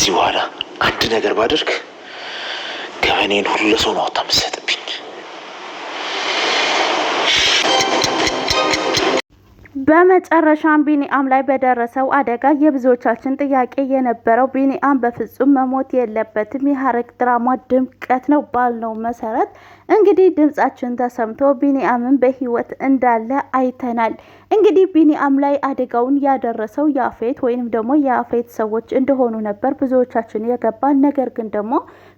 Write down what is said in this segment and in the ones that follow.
ከዚህ በኋላ አንድ ነገር ባደርግ ገበኔን ሁሉ ለሰው ነው አውጥታ የምትሰጥብኝ። በመጨረሻም ቢኒአም ላይ በደረሰው አደጋ የብዙዎቻችን ጥያቄ የነበረው ቢኒአም በፍጹም መሞት የለበትም የሀረግ ድራማ ድምቀት ነው ባልነው መሰረት እንግዲህ ድምጻችን ተሰምቶ ቢኒአምን በህይወት እንዳለ አይተናል። እንግዲህ ቢኒአም ላይ አደጋውን ያደረሰው የአፌት ወይም ደግሞ የአፌት ሰዎች እንደሆኑ ነበር ብዙዎቻችን የገባን። ነገር ግን ደግሞ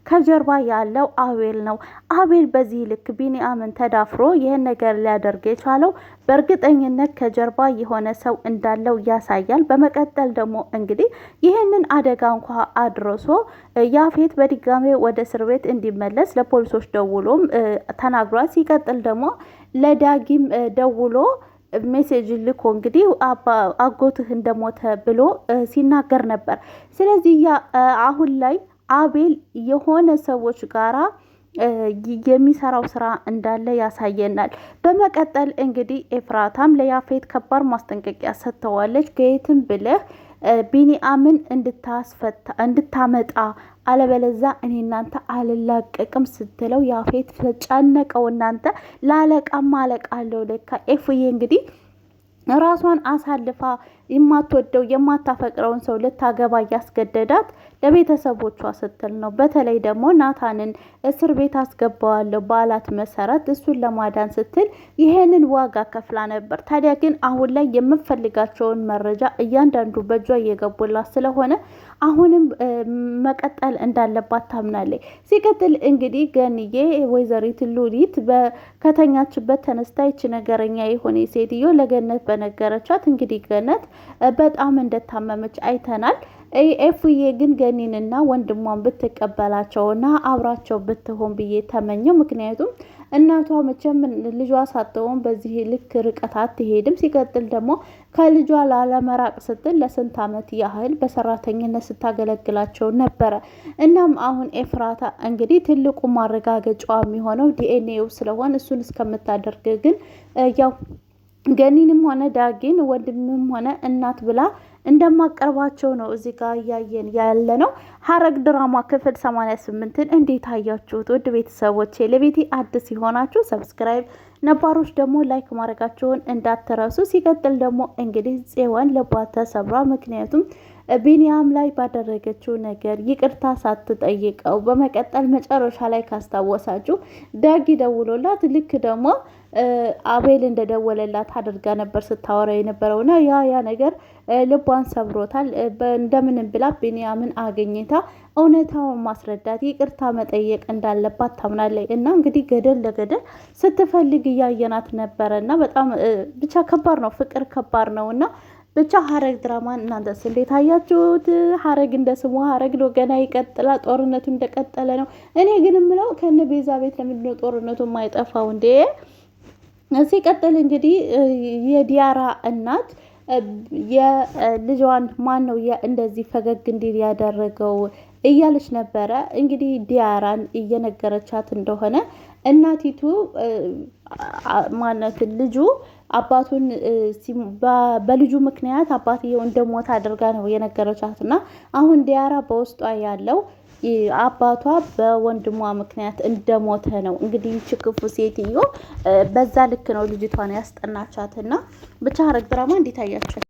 ከጀርባ ያለው አቤል ነው። አቤል በዚህ ልክ ቢኒአምን ተዳፍሮ ይህን ነገር ሊያደርግ የቻለው በእርግጠኝነት ከጀርባ የሆነ ሰው እንዳለው ያሳያል። በመቀጠል ደግሞ እንግዲህ ይህንን አደጋ እንኳ አድርሶ የአፌት በድጋሜ ወደ እስር ቤት እንዲመለስ ለፖሊሶች ደውሎም ተናግሯል። ሲቀጥል ደግሞ ለዳጊም ደውሎ ሜሴጅ ልኮ እንግዲህ አጎትህ እንደሞተ ብሎ ሲናገር ነበር። ስለዚህ አሁን ላይ አቤል የሆነ ሰዎች ጋራ የሚሰራው ስራ እንዳለ ያሳየናል። በመቀጠል እንግዲህ ኤፍራታም ለያፌት ከባድ ማስጠንቀቂያ ሰጥተዋለች። ከየትም ብለህ ቢኒአምን እንድታስፈታ እንድታመጣ አለበለዛ እኔ እናንተ አልላቀቅም ስትለው ያፌት ተጨነቀው። እናንተ ላለቃማ አለቃለሁ ለካ ኤፍዬ እንግዲህ ራሷን አሳልፋ የማትወደው የማታፈቅረውን ሰው ልታገባ እያስገደዳት ለቤተሰቦቿ ስትል ነው። በተለይ ደግሞ ናታንን እስር ቤት አስገባዋለሁ ባላት መሰረት እሱን ለማዳን ስትል ይሄንን ዋጋ ከፍላ ነበር። ታዲያ ግን አሁን ላይ የምፈልጋቸውን መረጃ እያንዳንዱ በእጇ እየገቡላት ስለሆነ አሁንም መቀጠል እንዳለባት ታምናለች። ሲቀጥል እንግዲህ ገንዬ ወይዘሪት ሉሊት ከተኛችበት ተነስታ ይች ነገረኛ የሆነ ሴትዮ ለገነት በነገረቻት እንግዲህ ገነት በጣም እንደታመመች አይተናል። ኤፍዬ ግን ገኒንና ወንድሟን ብትቀበላቸውና አብራቸው ብትሆን ብዬ ተመኘው። ምክንያቱም እናቷ መቼም ልጇ ሳትሆን በዚህ ልክ ርቀት አትሄድም። ሲቀጥል ደግሞ ከልጇ ላለመራቅ ስትል ለስንት ዓመት ያህል በሰራተኝነት ስታገለግላቸው ነበረ። እናም አሁን ኤፍራታ እንግዲህ ትልቁ ማረጋገጫ የሚሆነው ዲኤንኤው ስለሆን እሱን እስከምታደርግ ግን ያው ገኒንም ሆነ ዳጊን ወንድምም ሆነ እናት ብላ እንደማቀርባቸው ነው እዚህ ጋር እያየን ያለ ነው። ሐረግ ድራማ ክፍል 88ን እንዴት አያችሁት? ውድ ቤተሰቦቼ ለቤቴ አዲስ የሆናችሁ ሰብስክራይብ፣ ነባሮች ደግሞ ላይክ ማድረጋችሁን እንዳትረሱ። ሲቀጥል ደግሞ እንግዲህ ጽዮን ልቧ ተሰብራ ምክንያቱም ቢኒያም ላይ ባደረገችው ነገር ይቅርታ ሳትጠይቀው በመቀጠል መጨረሻ ላይ ካስታወሳችሁ ዳጊ ደውሎላት ልክ ደግሞ አቤል እንደደወለላት አድርጋ ነበር ስታወራ የነበረውና ያ ያ ነገር ልቧን ሰብሮታል። እንደምንም ብላ ቢንያምን አገኝታ እውነታውን ማስረዳት ይቅርታ መጠየቅ እንዳለባት ታምናለች። እና እንግዲህ ገደል ለገደል ስትፈልግ እያየናት ነበረ እና በጣም ብቻ ከባድ ነው፣ ፍቅር ከባድ ነው እና ብቻ ሀረግ ድራማ እናንተስ እንዴት አያችሁት? ሀረግ እንደ ስሙ ሀረግ ነው። ገና ይቀጥላል። ጦርነቱ እንደቀጠለ ነው። እኔ ግን ምለው ከነ ቤዛ ቤት ለምንድነው ጦርነቱ የማይጠፋው እንዴ? ሲቀጥል እንግዲህ የዲያራ እናት የልጇን ማን ነው እንደዚህ ፈገግ እንዲል ያደረገው እያለች ነበረ። እንግዲህ ዲያራን እየነገረቻት እንደሆነ እናቲቱ ማነት ልጁ አባቱን በልጁ ምክንያት አባትየው እንደሞተ አድርጋ ነው የነገረቻት እና አሁን ዲያራ በውስጧ ያለው አባቷ በወንድሟ ምክንያት እንደሞተ ነው። እንግዲህ ይቺ ክፉ ሴትዮ በዛ ልክ ነው ልጅቷን ያስጠናቻትና ብቻ ሐረግ ድራማ እንዴት